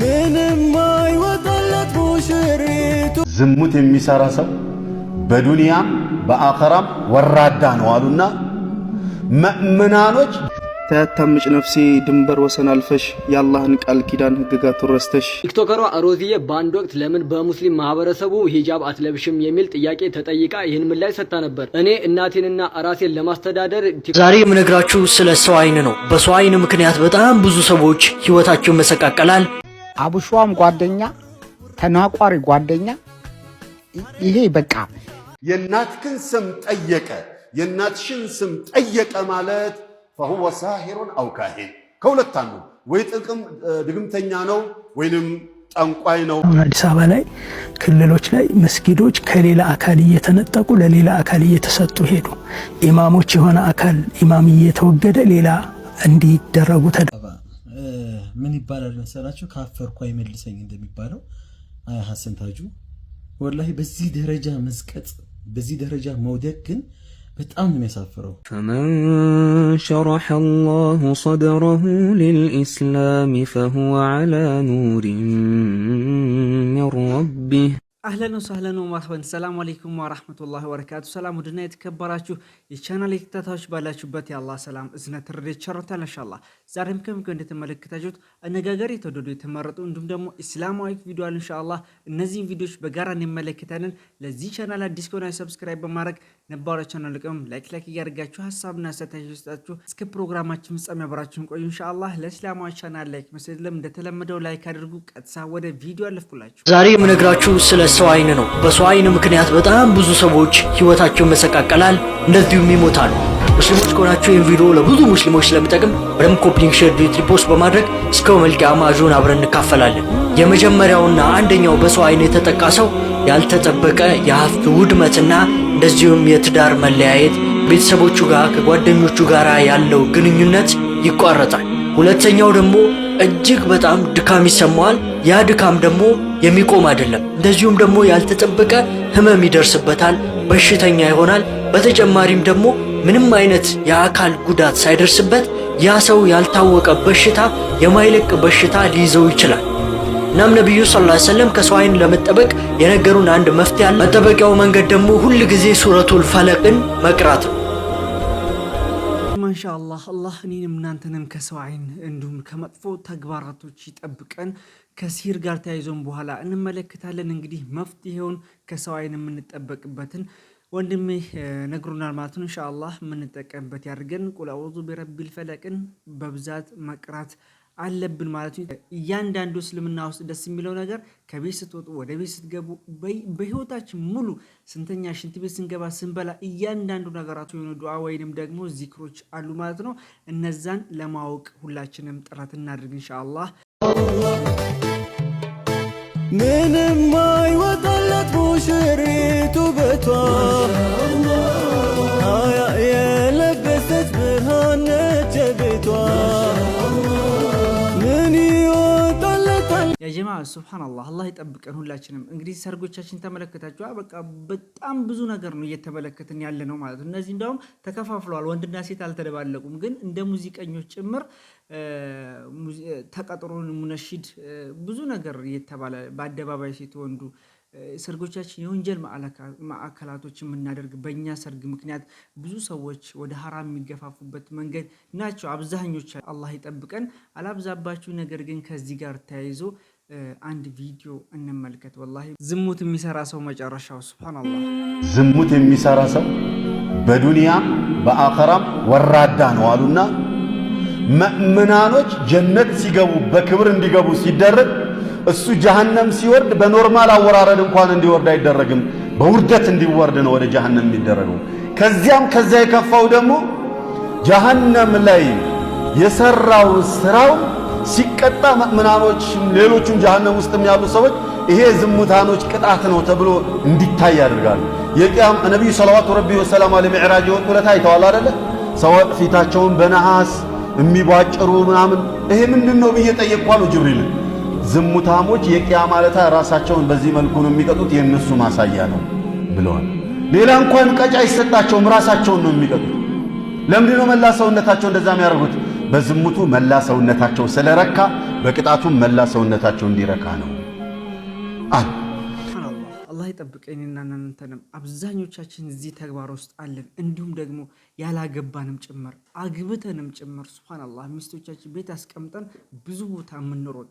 ምንም ሙሽሪቱ። ዝሙት የሚሰራ ሰው በዱንያም በአኸራም ወራዳ ነው አሉና መእምናኖች ተያታምጭ ነፍሴ ድንበር ወሰን አልፈሽ የአላህን ቃል ኪዳን ህግጋ ረስተሽ። ቲክቶከሯ ሮዚዬ በአንድ ወቅት ለምን በሙስሊም ማህበረሰቡ ሂጃብ አትለብሽም የሚል ጥያቄ ተጠይቃ ይህን ምላሽ ሰጥታ ነበር። እኔ እናቴንና ራሴን ለማስተዳደር ዛሬ የምነግራችሁ ስለ ሰው አይን ነው። በሰው አይን ምክንያት በጣም ብዙ ሰዎች ህይወታቸው መሰቃቀላል። አቡሿም ጓደኛ፣ ተናቋሪ ጓደኛ። ይሄ በቃ የእናትክን ስም ጠየቀ፣ የእናትሽን ስም ጠየቀ ማለት ፈሁወ ሳሄሮን አው ከሁለት አንዱ ወይ ጥቅም ድግምተኛ ነው ወይንም ጠንቋይ ነው። አሁን አዲስ አበባ ላይ ክልሎች ላይ መስጊዶች ከሌላ አካል እየተነጠቁ ለሌላ አካል እየተሰጡ ሄዱ። ኢማሞች የሆነ አካል ኢማም እየተወገደ ሌላ እንዲደረጉ ተደ ምን ይባላል መሰላችሁ? ካፈርኩ አይመልሰኝ እንደሚባለው ሀሰን ታጁ ወላሂ በዚህ ደረጃ መዝቀጥ፣ በዚህ ደረጃ መውደቅ ግን በጣም ነው የሚያሳፍረው። ፈመን ሸረሐ አላሁ ሰድረሁ ሊልኢስላሚ ፈሁወ ዐላ ኑሪን ሚን ረቢህ አህለን ወሰህለን ማህበን ሰላም አለይኩም ወራህመቱላሂ ወበረካቱ። ሰላም ውድና የተከበራችሁ የቻናል ተከታታዮች ባላችሁበት የአላህ ሰላም እዝነት ረድኤት ቸርነቱ ኢንሻአላህ ዛሬም ከምግብ እንደተመለከታችሁት አነጋገር የተወደዱ የተመረጡ እንዲሁም ደግሞ ኢስላማዊ ቪዲዮ አለ ኢንሻአላህ እነዚህን ቪዲዮዎች በጋራ እንመለከታለን። ለዚህ ቻናል አዲስ ከሆነ ሰብስክራይብ በማድረግ ነባሮችን አልቅም ላይክ ላይክ እያደርጋችሁ ሀሳብና ሰታች ውስጣችሁ እስከ ፕሮግራማችን ፍጻሜ አብራችሁን ቆዩ። ኢንሻአላህ ለእስላማዊ ቻናል ላይክ መስለም እንደተለመደው ላይክ አድርጉ። ቀጥታ ወደ ቪዲዮ አለፍኩላችሁ። ዛሬ የምነግራችሁ ስለ ሰው አይን ነው። በሰው አይን ምክንያት በጣም ብዙ ሰዎች ህይወታቸው መሰቃቀላል፣ እንደዚሁም ይሞታሉ። ሙስሊሞች ከሆናችሁ ይህን ቪዲዮ ለብዙ ሙስሊሞች ስለሚጠቅም በደም ኮፒንግ ሼር ዲዩት ሪፖስት በማድረግ እስከ መልቂያ ማዞን አብረን እንካፈላለን። የመጀመሪያውና አንደኛው በሰው አይን የተጠቃ ሰው ያልተጠበቀ የሀብት ውድመትና እንደዚሁም የትዳር መለያየት፣ ቤተሰቦቹ ጋር ከጓደኞቹ ጋር ያለው ግንኙነት ይቋረጣል። ሁለተኛው ደግሞ እጅግ በጣም ድካም ይሰማዋል። ያ ድካም ደግሞ የሚቆም አይደለም። እንደዚሁም ደግሞ ያልተጠበቀ ህመም ይደርስበታል፣ በሽተኛ ይሆናል። በተጨማሪም ደግሞ ምንም አይነት የአካል ጉዳት ሳይደርስበት ያ ሰው ያልታወቀ በሽታ የማይለቅ በሽታ ሊይዘው ይችላል። እናም ነቢዩ ሰለላሁ ዐለይሂ ወሰለም ከሰው አይን ለመጠበቅ የነገሩን አንድ መፍትሄ አለ። መጠበቂያው መንገድ ደግሞ ሁል ጊዜ ሱረቱል ፈለቅን መቅራት ነው። ማሻአላህ አላህ እኔንም እናንተንም ከሰው አይን እንዲሁም ከመጥፎ ተግባራቶች ይጠብቀን። ከሲህር ጋር ተያይዞን በኋላ እንመለከታለን። እንግዲህ መፍትሄውን ከሰው አይን የምንጠበቅበትን ወንድሜ ነግሩናል ማለት ነው። እንሻአላህ የምንጠቀምበት ያድርገን። ቁል አዑዙ ቢረቢል ፈለቅን በብዛት መቅራት አለብን ማለት ነው። እያንዳንዱ እስልምና ውስጥ ደስ የሚለው ነገር ከቤት ስትወጡ፣ ወደ ቤት ስትገቡ፣ በህይወታችን ሙሉ ስንተኛ፣ ሽንት ቤት ስንገባ፣ ስንበላ፣ እያንዳንዱ ነገራት የሆነ ዱዓ ወይንም ደግሞ ዚክሮች አሉ ማለት ነው። እነዛን ለማወቅ ሁላችንም ጥረት እናድርግ ኢንሻአላህ። ምንም አይወጣለት ሙሽሪት በቷ ጀማ ሱብሃነላህ አላህ ይጠብቀን ሁላችንም። እንግዲህ ሰርጎቻችን ተመለከታችሁ፣ በቃ በጣም ብዙ ነገር ነው እየተመለከትን ያለ ነው ማለት ነው። እነዚህ እንዲያውም ተከፋፍለዋል፣ ወንድና ሴት አልተደባለቁም። ግን እንደ ሙዚቀኞች ጭምር ተቀጥሮን ሙነሺድ ብዙ ነገር እየተባለ በአደባባይ ሴት ወንዱ ሰርጎቻችን የወንጀል ማዕከላቶች የምናደርግ በእኛ ሰርግ ምክንያት ብዙ ሰዎች ወደ ሀራም የሚገፋፉበት መንገድ ናቸው አብዛኞች። አላህ ይጠብቀን። አላብዛባችሁ። ነገር ግን ከዚህ ጋር ተያይዞ አንድ ቪዲዮ እንመልከት። ወላሂ ዝሙት የሚሰራ ሰው መጨረሻው ሱብሃነላህ፣ ዝሙት የሚሰራ ሰው በዱንያም በአኸራም ወራዳ ነው አሉና መእምናኖች ጀነት ሲገቡ በክብር እንዲገቡ ሲደረግ እሱ ጀሃነም ሲወርድ በኖርማል አወራረድ እንኳን እንዲወርድ አይደረግም። በውርደት እንዲወርድ ነው ወደ ጀሃነም የሚደረገው። ከዚያም ከዚያ የከፋው ደግሞ ጀሃነም ላይ የሰራውን ስራው ሲቀጣ ምእምናኖች፣ ሌሎቹም ጀሃነም ውስጥም ያሉ ሰዎች ይሄ ዝሙታኖች ቅጣት ነው ተብሎ እንዲታይ ያደርጋሉ። የቅያም ነቢዩ ሰለዋቱ ረቢ ወሰላም አለ ሚዕራጅ የወጡ ለታ አይተዋል አደለ ሰዎች ፊታቸውን በነሐስ የሚቧጭሩ ምናምን ይሄ ምንድን ነው ብዬ ጠየቅኩ ነው ጅብሪል ዝሙታሞች የቅያማ ማለታ ራሳቸውን በዚህ መልኩ ነው የሚቀጡት፣ የእነሱ ማሳያ ነው ብለዋል። ሌላ እንኳን ቀጫ አይሰጣቸውም፣ ራሳቸውን ነው የሚቀጡት። ለምንድን ነው መላ ሰውነታቸው እንደዛ የሚያደርጉት? በዝሙቱ መላ ሰውነታቸው ስለረካ በቅጣቱም መላ ሰውነታቸው እንዲረካ ነው። አላህ ይጠብቀኝ። እናንተንም አብዛኞቻችን እዚህ ተግባር ውስጥ አለን። እንዲሁም ደግሞ ያላገባንም ጭምር አግብተንም ጭምር ሱብሃነላህ ሚስቶቻችን ቤት አስቀምጠን ብዙ ቦታ የምንሮጥ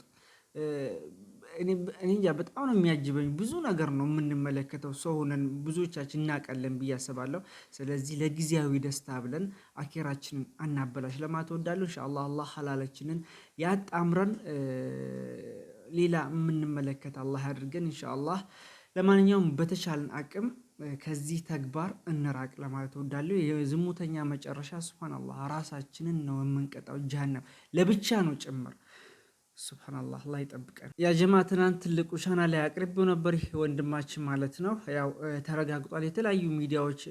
እኔ እንጃ በጣም ነው የሚያጅበኝ። ብዙ ነገር ነው የምንመለከተው ሰው ሆነን ብዙዎቻችን እናቀለን ብዬ አስባለሁ። ስለዚህ ለጊዜያዊ ደስታ ብለን አኬራችንን አናበላሽ ለማለት እወዳለሁ። ኢንሻአላህ አላህ ሀላላችንን ያጣምረን፣ ሌላ የምንመለከት አላህ ያድርገን ኢንሻአላህ። ለማንኛውም በተቻለን አቅም ከዚህ ተግባር እንራቅ ለማለት እወዳለሁ። የዝሙተኛ መጨረሻ ስብሃነላህ ራሳችንን ነው የምንቀጣው ጀሃነም ለብቻ ነው ጭምር ሱብሃናላህ ላይ ይጠብቀን። ያ ጀማ ትናንት ትልቁ ቻና ላይ አቅርቤው ነበር። ወንድማችን ማለት ነው ያው ተረጋግጧል። የተለያዩ ሚዲያዎች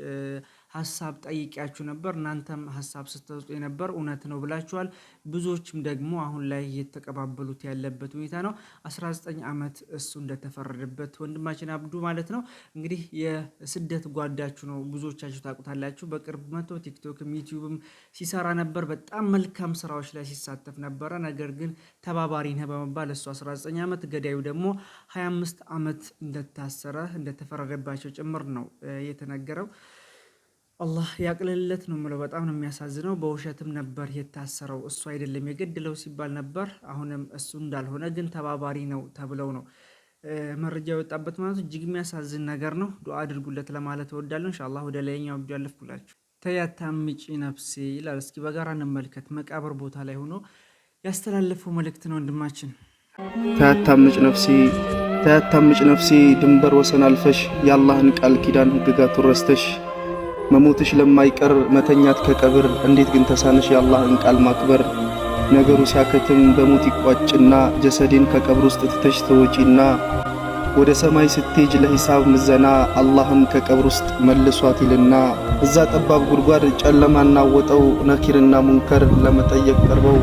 ሀሳብ ጠይቂያችሁ ነበር። እናንተም ሀሳብ ስትሰጡ የነበር እውነት ነው ብላችኋል። ብዙዎችም ደግሞ አሁን ላይ እየተቀባበሉት ያለበት ሁኔታ ነው። 19 ዓመት እሱ እንደተፈረደበት ወንድማችን አብዱ ማለት ነው። እንግዲህ የስደት ጓዳችሁ ነው፣ ብዙዎቻችሁ ታውቁታላችሁ። በቅርብ መቶ ቲክቶክም ዩቲዩብም ሲሰራ ነበር። በጣም መልካም ስራዎች ላይ ሲሳተፍ ነበረ። ነገር ግን ተባባሪ ነህ በመባል እሱ 19 ዓመት ገዳዩ ደግሞ 25 ዓመት እንደታሰረ እንደተፈረደባቸው ጭምር ነው የተነገረው። አላህ ያቅልልለት ነው የምለው። በጣም ነው የሚያሳዝነው። በውሸትም ነበር የታሰረው እሱ አይደለም የገድለው ሲባል ነበር። አሁንም እሱ እንዳልሆነ ግን ተባባሪ ነው ተብለው ነው መረጃ የወጣበት ማለት እጅግ የሚያሳዝን ነገር ነው። ዱዓ አድርጉለት ለማለት እወዳለሁ። እንሻላ ወደ ላይኛው ቪዲዮ አለፍኩላችሁ። ተያታምጪ ነፍሴ ይላል። እስኪ በጋራ እንመልከት። መቃብር ቦታ ላይ ሆኖ ያስተላለፈው መልእክት ነው ወንድማችን። ተያታምጭ ነፍሴ ተያታምጭ ነፍሴ ድንበር ወሰን አልፈሽ የአላህን ቃል ኪዳን ህግጋቱን ረስተሽ መሞትሽ ለማይቀር መተኛት ከቀብር እንዴት ግን ተሳነሽ የአላህን ቃል ማክበር? ነገሩ ሲያከትም በሞት ይቋጭና ጀሰዴን ከቀብር ውስጥ ትተሽ ተወጪና ወደ ሰማይ ስትሄጅ ለሂሳብ ምዘና አላህም ከቀብር ውስጥ መልሷት ይልና እዛ ጠባብ ጉድጓድ ጨለማና ወጠው ነኪርና ሙንከር ለመጠየቅ ቀርበው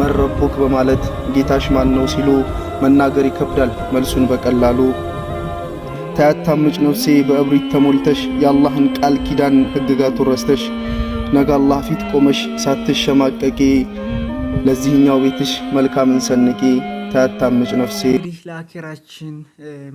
መረቦክ በማለት ጌታሽ ማን ነው ሲሉ መናገር ይከብዳል መልሱን በቀላሉ ታያታምጭ ነፍሴ በእብሪት ተሞልተሽ የአላህን ቃል ኪዳን ሕግጋቱን ረስተሽ ነገ አላህ ፊት ቆመሽ ሳትሸማቀቂ ለዚህኛው ቤትሽ መልካምን ሰንቂ። ታያታምጭ ነፍሴ። እንግዲህ ለአኪራችን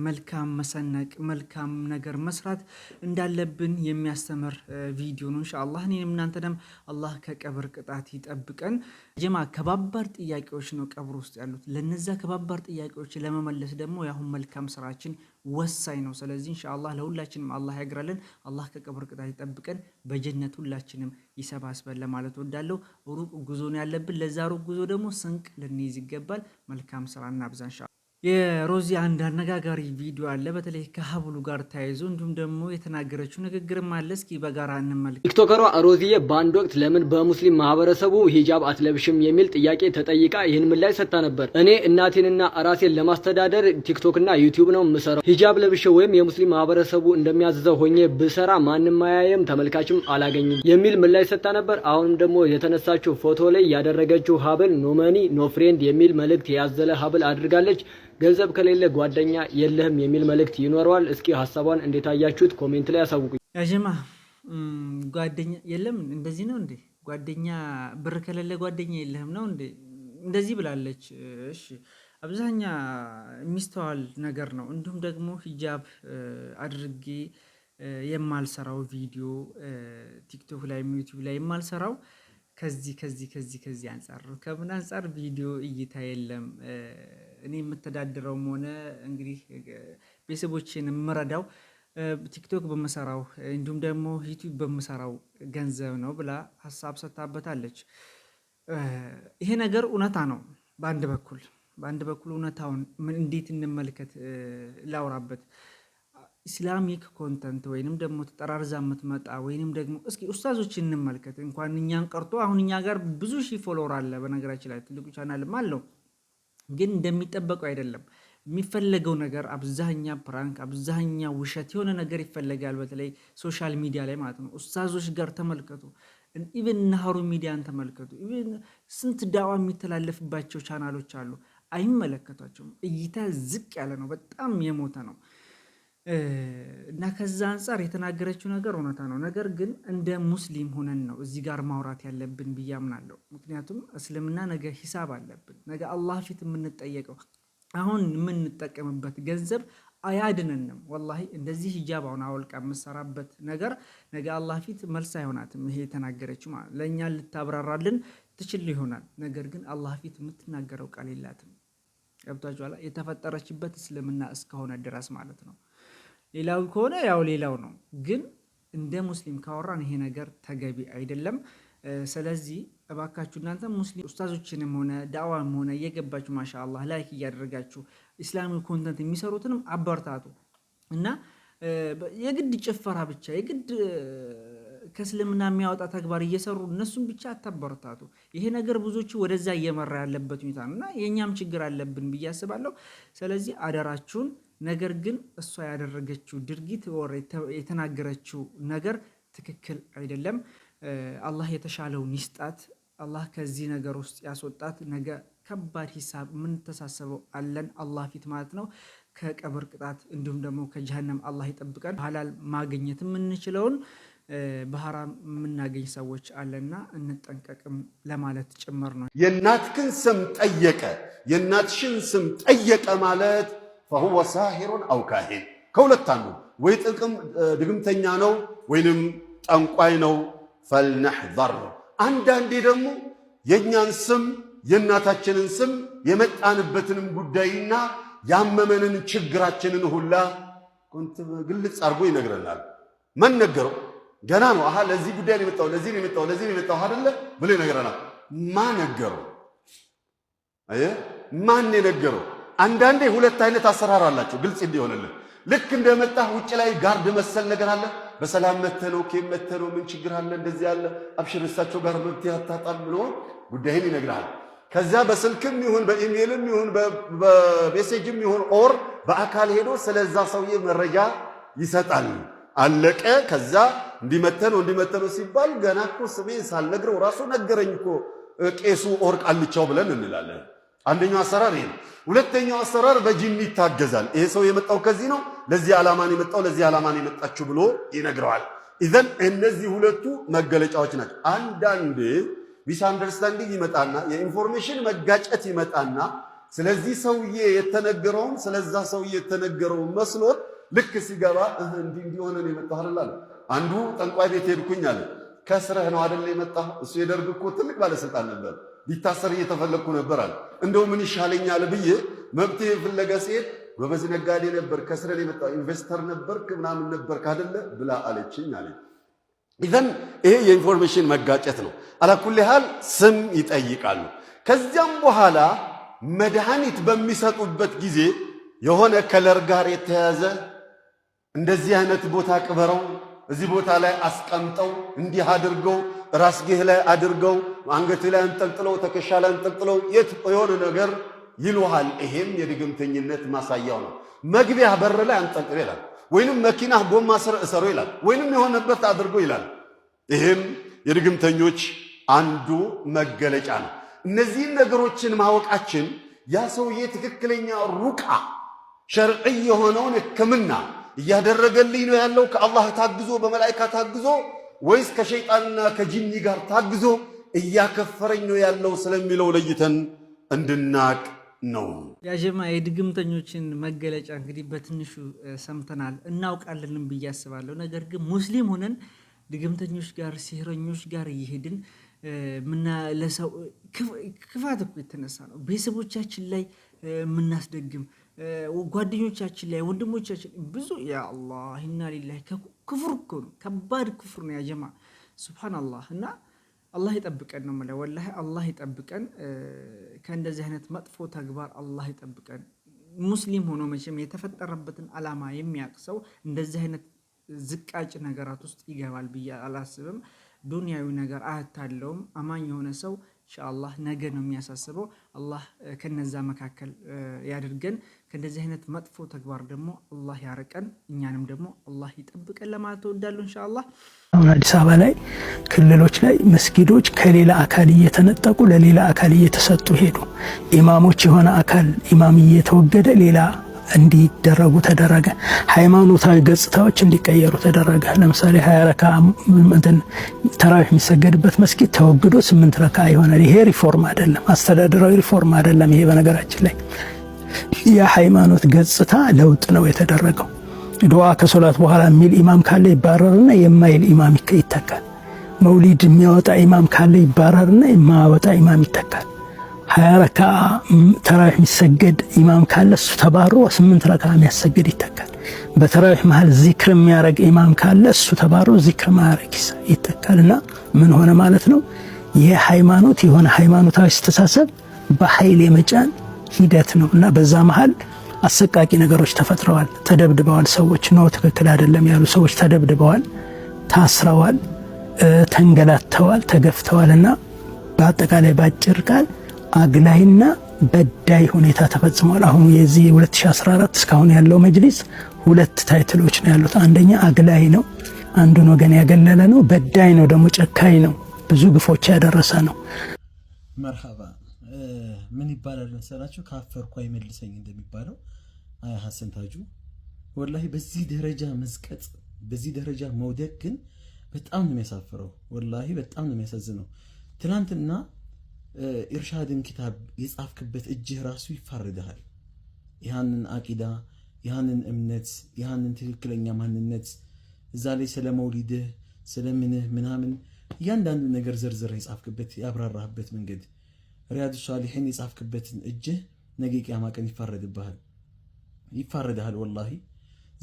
መልካም መሰነቅ መልካም ነገር መስራት እንዳለብን የሚያስተምር ቪዲዮ ነው። እንሻ አላህ እኔንም እናንተንም አላህ ከቀብር ቅጣት ይጠብቀን። ጀማ ከባባር ጥያቄዎች ነው ቀብር ውስጥ ያሉት። ለነዛ ከባባር ጥያቄዎች ለመመለስ ደግሞ የአሁን መልካም ስራችን ወሳኝ ነው። ስለዚህ እንሻአላህ ለሁላችንም አላህ ያግራለን። አላህ ከቀብር ቅጣት ይጠብቀን፣ በጀነት ሁላችንም ይሰባስበን ለማለት ወዳለው። ሩቅ ጉዞ ነው ያለብን። ለዛ ሩቅ ጉዞ ደግሞ ስንቅ ልንይዝ ይገባል። መልካም ስራ እናብዛ እንሻ የሮዚ አንድ አነጋጋሪ ቪዲዮ አለ። በተለይ ከሀብሉ ጋር ተያይዞ እንዲሁም ደግሞ የተናገረችው ንግግርም አለ። እስኪ በጋራ እንመልክ። ቲክቶከሯ ሮዚዬ በአንድ ወቅት ለምን በሙስሊም ማህበረሰቡ ሂጃብ አትለብሽም የሚል ጥያቄ ተጠይቃ ይህን ምላሽ ሰጥታ ነበር። እኔ እናቴንና ራሴን ለማስተዳደር ቲክቶክና ዩቲዩብ ነው የምሰራው። ሂጃብ ለብሼ ወይም የሙስሊም ማህበረሰቡ እንደሚያዝዘው ሆኜ ብሰራ ማንም አያየም፣ ተመልካችም አላገኝም የሚል ምላሽ ሰጥታ ነበር። አሁንም ደግሞ የተነሳችው ፎቶ ላይ ያደረገችው ሀብል ኖመኒ ኖፍሬንድ የሚል መልእክት ያዘለ ሀብል አድርጋለች። ገንዘብ ከሌለ ጓደኛ የለህም የሚል መልእክት ይኖረዋል። እስኪ ሀሳቧን እንዴታያችሁት ኮሜንት ላይ ያሳውቁኝ። ያዥማ ጓደኛ የለም እንደዚህ ነው እንዴ? ጓደኛ ብር ከሌለ ጓደኛ የለህም ነው እንዴ? እንደዚህ ብላለች። እሺ አብዛኛ የሚስተዋል ነገር ነው። እንዲሁም ደግሞ ሂጃብ አድርጌ የማልሰራው ቪዲዮ ቲክቶክ ላይም ዩቲዩብ ላይ የማልሰራው ከዚህ ከዚህ ከዚህ ከዚህ አንጻር ከምን አንጻር ቪዲዮ እይታ የለም እኔ የምተዳድረውም ሆነ እንግዲህ ቤተሰቦችን የምረዳው ቲክቶክ በምሰራው እንዲሁም ደግሞ ዩቲዩብ በምሰራው ገንዘብ ነው ብላ ሀሳብ ሰጥታበታለች። ይሄ ነገር እውነታ ነው። በአንድ በኩል በአንድ በኩል እውነታውን እንዴት እንመልከት ላውራበት ኢስላሚክ ኮንተንት ወይንም ደግሞ ተጠራርዛ የምትመጣ ወይንም ደግሞ እስኪ ኡስታዞች እንመልከት። እንኳን እኛን ቀርቶ አሁን እኛ ጋር ብዙ ሺህ ፎሎወር አለ። በነገራችን ላይ ትልቁ ቻናልም አለው። ግን እንደሚጠበቀው አይደለም። የሚፈለገው ነገር አብዛኛ ፕራንክ፣ አብዛኛ ውሸት፣ የሆነ ነገር ይፈለጋል። በተለይ ሶሻል ሚዲያ ላይ ማለት ነው። ኡስታዞች ጋር ተመልከቱ፣ ኢቨን ናሃሩ ሚዲያን ተመልከቱ። ስንት ዳዋ የሚተላለፍባቸው ቻናሎች አሉ። አይመለከቷቸውም። እይታ ዝቅ ያለ ነው። በጣም የሞተ ነው። እና ከዛ አንጻር የተናገረችው ነገር እውነታ ነው። ነገር ግን እንደ ሙስሊም ሆነን ነው እዚህ ጋር ማውራት ያለብን ብዬ አምናለሁ። ምክንያቱም እስልምና ነገ ሂሳብ አለብን፣ ነገ አላህ ፊት የምንጠየቀው። አሁን የምንጠቀምበት ገንዘብ አያድነንም። ወላሂ እንደዚህ ሂጃብ አሁን አወልቃ የምሰራበት ነገር ነገ አላህ ፊት መልስ አይሆናትም። ይሄ የተናገረችው ማለት ለእኛ ልታብራራልን ትችል ይሆናል። ነገር ግን አላህ ፊት የምትናገረው ቃል የላትም። ገብቷችኋል? የተፈጠረችበት እስልምና እስከሆነ ድረስ ማለት ነው። ሌላው ከሆነ ያው ሌላው ነው። ግን እንደ ሙስሊም ካወራን ይሄ ነገር ተገቢ አይደለም። ስለዚህ እባካችሁ እናንተ ሙስሊም ኡስታዞችንም ሆነ ዳዋም ሆነ እየገባችሁ ማሻ አላህ ላይክ እያደረጋችሁ ኢስላማዊ ኮንተንት የሚሰሩትንም አበርታቱ እና የግድ ጭፈራ ብቻ የግድ ከእስልምና የሚያወጣ ተግባር እየሰሩ እነሱም ብቻ አታበረታቱ። ይሄ ነገር ብዙዎቹ ወደዛ እየመራ ያለበት ሁኔታ ነው እና የእኛም ችግር አለብን ብዬ አስባለሁ። ስለዚህ አደራችሁን ነገር ግን እሷ ያደረገችው ድርጊት ወር የተናገረችው ነገር ትክክል አይደለም። አላህ የተሻለውን ይስጣት። አላህ ከዚህ ነገር ውስጥ ያስወጣት። ነገ ከባድ ሂሳብ የምንተሳሰበው አለን አላህ ፊት ማለት ነው። ከቀብር ቅጣት እንዲሁም ደግሞ ከጀሃነም አላህ ይጠብቀን። ሀላል ማግኘት የምንችለውን በሀራም የምናገኝ ሰዎች አለና እንጠንቀቅም ለማለት ጭምር ነው። የእናትህን ስም ጠየቀ፣ የእናትሽን ስም ጠየቀ ማለት ፈሁወ ሳሂሩን አው ካሂን ከሁለት አንዱ ወይ ጥቅም ድግምተኛ ነው ወይንም ጠንቋይ ነው። ፈልነሕዘር አንዳንዴ ደግሞ የእኛን ስም የእናታችንን ስም የመጣንበትንም ጉዳይና ያመመንን ችግራችንን ሁላ ግልጽ አድርጎ ይነግረናል። መን ነገረው? ገና ነው። አሃ ለዚህ ጉዳይ ነው የመጣው፣ ለዚህ ነው የመጣው፣ ለዚህ ነው የመጣው አይደለ ብሎ ይነግረናል። ማን ነገረው? አየህ፣ ማን የነገረው አንዳንዴ ሁለት አይነት አሰራር አላቸው። ግልጽ እንዲሆንልን ልክ እንደመጣህ ውጭ ላይ ጋርድ መሰል ነገር አለ። በሰላም መተነው ኬም መተነው ምን ችግር አለ እንደዚህ አለ አብሽር እሳቸው ጋር መብት ያታጣል ብሎ ጉዳይን ይነግርሃል። ከዚያ በስልክም ይሁን በኢሜይልም ይሁን በሜሴጅም ይሁን ኦር በአካል ሄዶ ስለዛ ሰውዬ መረጃ ይሰጣል። አለቀ። ከዛ እንዲመተነው እንዲመተነው ሲባል ገና እኮ ስሜ ሳልነግረው ራሱ ነገረኝ እኮ ቄሱ ኦር ቃልቻው ብለን እንላለን። አንደኛው አሰራር ይሄ ነው። ሁለተኛው አሰራር በጂኒ ይታገዛል። ይሄ ሰው የመጣው ከዚህ ነው፣ ለዚህ ዓላማን የመጣው ለዚህ ዓላማን የመጣችሁ ብሎ ይነግረዋል። ኢዘን እነዚህ ሁለቱ መገለጫዎች ናቸው። አንዳንድ ሚስ አንደርስታንዲንግ ይመጣና የኢንፎርሜሽን መጋጨት ይመጣና ስለዚህ ሰውዬ የተነገረውን ስለዛ ሰውዬ የተነገረውን መስሎት ልክ ሲገባ እንዲህ እንዲሆነ ነው የመጣህ አይደል? አንዱ ጠንቋይ ቤት ሄድኩኝ አለ። ከስረህ ነው አይደል የመጣህ? እሱ የደርግ እኮ ትልቅ ባለስልጣን ነበር። ቢታሰር እየተፈለግኩ ነበር አለ። እንደው ምን ይሻለኛል ብዬ መብትሄ ፍለጋ ስሄድ ጎበዝ ነጋዴ ነበር፣ ከስረ የመጣ ኢንቨስተር ነበር ምናምን ነበር ካደለ ብላ አለችኝ አለ። ኢዘን ይሄ የኢንፎርሜሽን መጋጨት ነው። አላኩል ያህል ስም ይጠይቃሉ። ከዚያም በኋላ መድኃኒት በሚሰጡበት ጊዜ የሆነ ከለር ጋር የተያዘ እንደዚህ አይነት ቦታ ቅበረው እዚህ ቦታ ላይ አስቀምጠው እንዲህ አድርገው ራስጌህ ላይ አድርገው አንገትህ ላይ አንጠልጥለው ተከሻ ላይ አንጠልጥለው የት የሆነ ነገር ይልሃል። ይሄም የድግምተኝነት ማሳያው ነው። መግቢያ በር ላይ አንጠልጥሎ ይላል፣ ወይንም መኪና ጎማ ስር እሰሮ ይላል፣ ወይንም የሆነበት አድርጎ ይላል። ይሄም የድግምተኞች አንዱ መገለጫ ነው። እነዚህን ነገሮችን ማወቃችን ያ ሰውዬ ትክክለኛ ሩቃ ሸርዕይ የሆነውን ሕክምና እያደረገልኝ ነው ያለው ከአላህ ታግዞ በመላይካ ታግዞ ወይስ ከሸይጣንና ከጂኒ ጋር ታግዞ እያከፈረኝ ነው ያለው ስለሚለው ለይተን እንድናቅ ነው። ያጀማ የድግምተኞችን መገለጫ እንግዲህ በትንሹ ሰምተናል እናውቃለንም ብዬ አስባለሁ። ነገር ግን ሙስሊም ሆነን ድግምተኞች ጋር ሲህረኞች ጋር እየሄድን ለሰው ክፋት እኮ የተነሳ ነው ቤተሰቦቻችን ላይ የምናስደግም ጓደኞቻችን ላይ ወንድሞቻችን ብዙ ያአላህ ኢና ሊላሂ ክፍር እኮ ነው፣ ከባድ ክፍር ነው ያጀማ ሱብሃነላህ። እና አላህ ይጠብቀን ነው የምለው ወላሂ አላህ ይጠብቀን ከእንደዚህ አይነት መጥፎ ተግባር አላህ ይጠብቀን። ሙስሊም ሆኖ መቼም የተፈጠረበትን አላማ የሚያውቅ ሰው እንደዚህ አይነት ዝቃጭ ነገራት ውስጥ ይገባል ብዬ አላስብም። ዱንያዊ ነገር አያታለውም። አማኝ የሆነ ሰው ኢንሻአላህ ነገ ነው የሚያሳስበው። አላህ ከነዛ መካከል ያደርገን ከእንደዚህ አይነት መጥፎ ተግባር ደግሞ አላህ ያርቀን፣ እኛንም ደግሞ አላህ ይጠብቀን ለማለት ተወዳሉ ኢንሻአላህ አሁን አዲስ አበባ ላይ ክልሎች ላይ መስጊዶች ከሌላ አካል እየተነጠቁ ለሌላ አካል እየተሰጡ ሄዱ። ኢማሞች የሆነ አካል ኢማም እየተወገደ ሌላ እንዲደረጉ ተደረገ። ሃይማኖታዊ ገጽታዎች እንዲቀየሩ ተደረገ። ለምሳሌ ሀያ ረካ ተራዊህ የሚሰገድበት መስጊድ ተወግዶ ስምንት ረካ ይሆናል። ይሄ ሪፎርም አይደለም፣ አስተዳደራዊ ሪፎርም አይደለም። ይሄ በነገራችን ላይ የሃይማኖት ገጽታ ለውጥ ነው የተደረገው። ድዋ ከሶላት በኋላ የሚል ኢማም ካለ ይባረርና የማይል ኢማም ይተካል። መውሊድ የሚያወጣ ኢማም ካለ ይባረርና የማያወጣ ኢማም ይተካል። ሀያ ረካ ተራዊሕ የሚሰገድ ኢማም ካለ እሱ ተባሮ ስምንት ረካ የሚያሰገድ ይተካል። በተራዊሕ መሃል ዚክር የሚያደረግ ኢማም ካለ እሱ ተባሮ ዚክር ማያረግ ይተካልና ምን ሆነ ማለት ነው? ይህ ሃይማኖት የሆነ ሃይማኖታዊ አስተሳሰብ በኃይል የመጫን ሂደት ነው እና በዛ መሀል አሰቃቂ ነገሮች ተፈጥረዋል። ተደብድበዋል ሰዎች ነው ትክክል አይደለም ያሉ ሰዎች ተደብድበዋል፣ ታስረዋል፣ ተንገላተዋል፣ ተገፍተዋል እና በአጠቃላይ በአጭር ቃል አግላይና በዳይ ሁኔታ ተፈጽሟል። አሁን የዚህ 2014 እስካሁን ያለው መጅሊስ ሁለት ታይትሎች ነው ያሉት። አንደኛ አግላይ ነው፣ አንዱን ወገን ያገለለ ነው። በዳይ ነው ደግሞ ጨካኝ ነው፣ ብዙ ግፎች ያደረሰ ነው። መርሃባ ምን ይባላል መሰላችሁ? ካፈርኩ አይመልሰኝ እንደሚባለው አያ ሀሰን ታጁ ወላሂ፣ በዚህ ደረጃ መዝቀጥ፣ በዚህ ደረጃ መውደቅ ግን በጣም ነው የሚያሳፍረው። ወላሂ በጣም ነው የሚያሳዝነው። ትናንትና ኢርሻድን ኪታብ የጻፍክበት እጅህ ራሱ ይፋረድሃል። ያንን አቂዳ ያንን እምነት ያንን ትክክለኛ ማንነት እዛ ላይ ስለ መውሊድህ ምንህ ምናምን እያንዳንዱ ነገር ዝርዝር የጻፍክበት ያብራራህበት መንገድ ሪያድ ሳሊሒን የጻፍክበትን እጅህ ነገ ቂያማ ቀን ይፋረድብሃል ይፋረድሃል። ወላሂ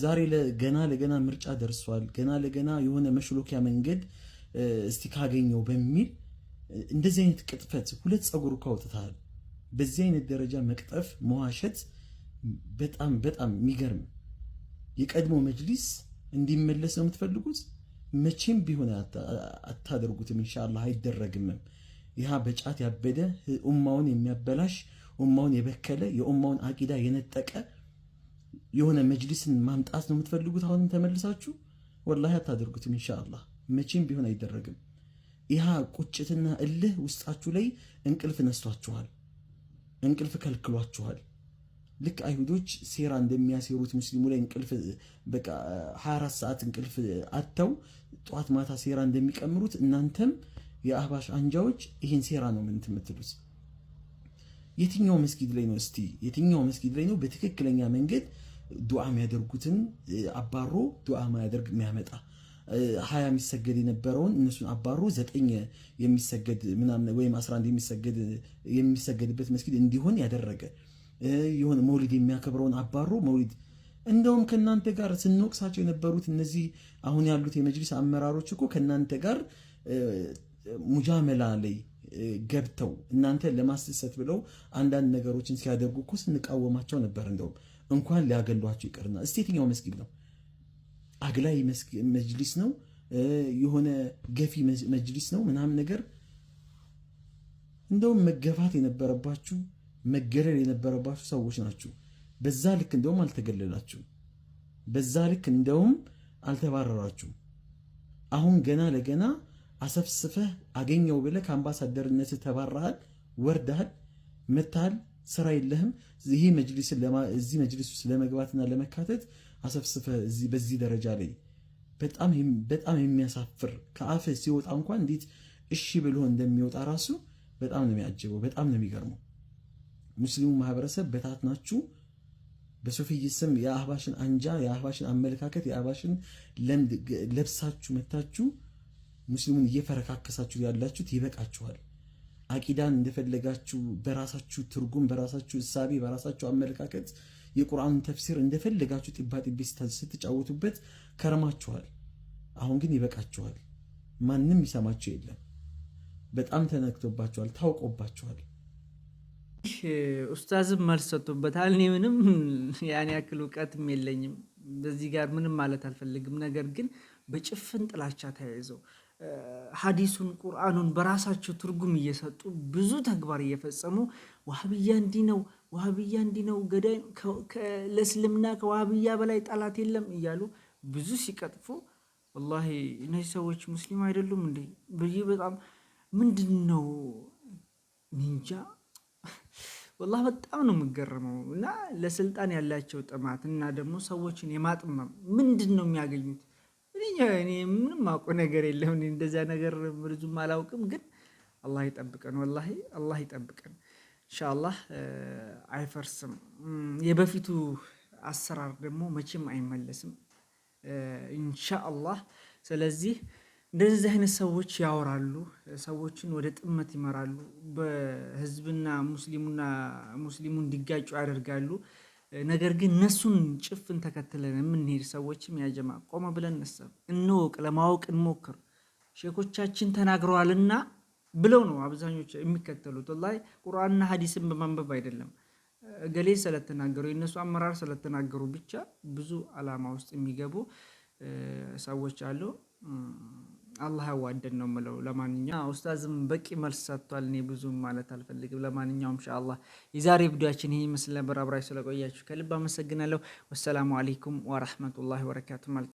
ዛሬ ለገና ለገና ምርጫ ደርሷል፣ ገና ለገና የሆነ መሽሎኪያ መንገድ እስቲ ካገኘው በሚል እንደዚህ አይነት ቅጥፈት ሁለት ፀጉር እኮ አውጥተሃል። በዚህ አይነት ደረጃ መቅጠፍ፣ መዋሸት በጣም በጣም የሚገርም። የቀድሞ መጅሊስ እንዲመለስ ነው የምትፈልጉት? መቼም ቢሆን አታደርጉትም። ኢንሻላህ አይደረግምም። ይህ በጫት ያበደ ኡማውን የሚያበላሽ ኡማውን የበከለ የኡማውን አቂዳ የነጠቀ የሆነ መጅሊስን ማምጣት ነው የምትፈልጉት? አሁንም ተመልሳችሁ ወላሂ አታደርጉትም። እንሻላ መቼም ቢሆን አይደረግም። ይህ ቁጭትና እልህ ውስጣችሁ ላይ እንቅልፍ ነስቷችኋል፣ እንቅልፍ ከልክሏችኋል። ልክ አይሁዶች ሴራ እንደሚያሴሩት ሙስሊሙ ላይ እንቅልፍ በቃ 24 ሰዓት እንቅልፍ አጥተው ጠዋት ማታ ሴራ እንደሚቀምሩት እናንተም የአህባሽ አንጃዎች ይህን ሴራ ነው ምን የምትሉት? የትኛው መስጊድ ላይ ነው እስቲ የትኛው መስጊድ ላይ ነው በትክክለኛ መንገድ ዱዓ የሚያደርጉትን አባሮ ዱዓ ማያደርግ የሚያመጣ ሀያ የሚሰገድ የነበረውን እነሱን አባሮ ዘጠኝ የሚሰገድ ምናምን ወይም አስራ አንድ የሚሰገድ የሚሰገድበት መስጊድ እንዲሆን ያደረገ የሆነ መውሊድ የሚያከብረውን አባሩ መውሊድ እንደውም ከእናንተ ጋር ስንወቅሳቸው የነበሩት እነዚህ አሁን ያሉት የመጅሊስ አመራሮች እኮ ከእናንተ ጋር ሙጃመላ ላይ ገብተው እናንተ ለማስደሰት ብለው አንዳንድ ነገሮችን ሲያደርጉ እኮ ስንቃወማቸው ነበር። እንደውም እንኳን ሊያገሏቸው ይቅርና እስቲ የትኛው መስጊድ ነው አግላይ መጅሊስ ነው፣ የሆነ ገፊ መጅሊስ ነው ምናምን ነገር። እንደውም መገፋት የነበረባችሁ መገረል የነበረባችሁ ሰዎች ናችሁ። በዛ ልክ እንደውም አልተገለላችሁም። በዛ ልክ እንደውም አልተባረራችሁም። አሁን ገና ለገና አሰፍስፈህ አገኘው ብለህ ከአምባሳደርነት ተባረሃል፣ ወርዳል መታል ስራ የለህም። ይህ መጅሊስን እዚህ መጅሊስ ውስጥ ለመግባትና ለመካተት አሰፍስፈ በዚህ ደረጃ ላይ በጣም የሚያሳፍር ከአፍ ሲወጣ እንኳን እንዴት እሺ ብሎ እንደሚወጣ ራሱ በጣም ነው የሚያጅበው። በጣም ነው የሚገርመው። ሙስሊሙ ማህበረሰብ በታትናችሁ በሶፊይ ስም የአህባሽን አንጃ፣ የአህባሽን አመለካከት፣ የአህባሽን ለብሳችሁ መታችሁ ሙስሊሙን እየፈረካከሳችሁ ያላችሁት ይበቃችኋል። አቂዳን እንደፈለጋችሁ በራሳችሁ ትርጉም፣ በራሳችሁ እሳቤ፣ በራሳችሁ አመለካከት የቁርአኑን ተፍሲር እንደፈለጋችሁ ጢባ ስትጫወቱበት ከርማችኋል። አሁን ግን ይበቃችኋል። ማንም ይሰማችሁ የለም። በጣም ተነክቶባችኋል፣ ታውቆባችኋል። ይህ ኡስታዝም መልስ ሰጥቶበታል። እኔ ምንም ያን ያክል እውቀትም የለኝም በዚህ ጋር ምንም ማለት አልፈልግም። ነገር ግን በጭፍን ጥላቻ ተያይዘው ሀዲሱን ቁርአኑን በራሳቸው ትርጉም እየሰጡ ብዙ ተግባር እየፈጸሙ ዋህብያ እንዲህ ነው ዋህብያ እንዲህ ነው ገዳይ፣ ለእስልምና ከዋህብያ በላይ ጠላት የለም እያሉ ብዙ ሲቀጥፉ፣ ወላሂ እነዚህ ሰዎች ሙስሊም አይደሉም እንዴ ብዬ በጣም ምንድን ነው እንጃ ወላሂ በጣም ነው የምገረመው። እና ለስልጣን ያላቸው ጥማት እና ደግሞ ሰዎችን የማጥመም ምንድን ነው የሚያገኙት? እኔ ምንም ማውቀ ነገር የለም እንደዚያ ነገር ብዙም አላውቅም። ግን አላህ ይጠብቀን፣ ወላሂ አላህ ይጠብቀን። ኢንሻአላህ አይፈርስም። የበፊቱ አሰራር ደግሞ መቼም አይመለስም ኢንሻአላህ። ስለዚህ እንደዚህ አይነት ሰዎች ያወራሉ፣ ሰዎችን ወደ ጥመት ይመራሉ፣ በህዝብና ሙስሊሙና ሙስሊሙ እንዲጋጩ ያደርጋሉ። ነገር ግን እነሱን ጭፍን ተከትለን የምንሄድ ሰዎችም ያጀማ ቆመ ብለን ነሰብ እንወቅ፣ ለማወቅ እንሞክር። ሼኮቻችን ተናግረዋልና ብለው ነው አብዛኞች የሚከተሉት። ላይ ቁርአንና ሀዲስን በማንበብ አይደለም እገሌ ስለተናገሩ የእነሱ አመራር ስለተናገሩ ብቻ ብዙ አላማ ውስጥ የሚገቡ ሰዎች አሉ። አላህ ያዋደን ነው ምለው። ለማንኛውም ኡስታዝም በቂ መልስ ሰጥቷል። እኔ ብዙ ማለት አልፈልግም። ለማንኛውም ኢንሻአላህ የዛሬ ቪዲዮችን ይህ ምስል ነበር። አብራችሁ ስለቆያችሁ ከልብ አመሰግናለሁ። ወሰላሙ አለይኩም ወራህመቱላሂ ወበረካቱ።